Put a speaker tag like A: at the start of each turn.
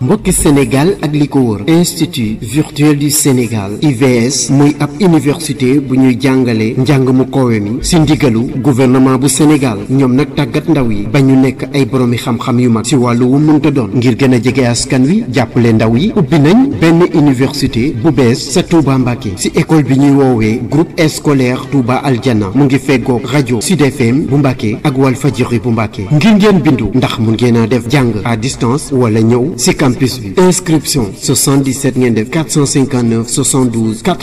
A: mbokki Sénégal ak institut virtuel du Sénégal IVS muy ab université bu ñuy jàngalé njàng mu gouvernement bu Sénégal ñom nak tagat ndaw yi bañu ñu nekk ay boroomi xam-xam yu mag ci université bu Satubambake, sa si école bi ñuy wowe groupe scolaire Touba Aljana mu ngi Radio, radio Sud FM bu Mbaké ak Walfadjri bu Mbaké ngir ngeen bindu ndax def jàng à distance wala ñëw inscription 77
B: 459 72 80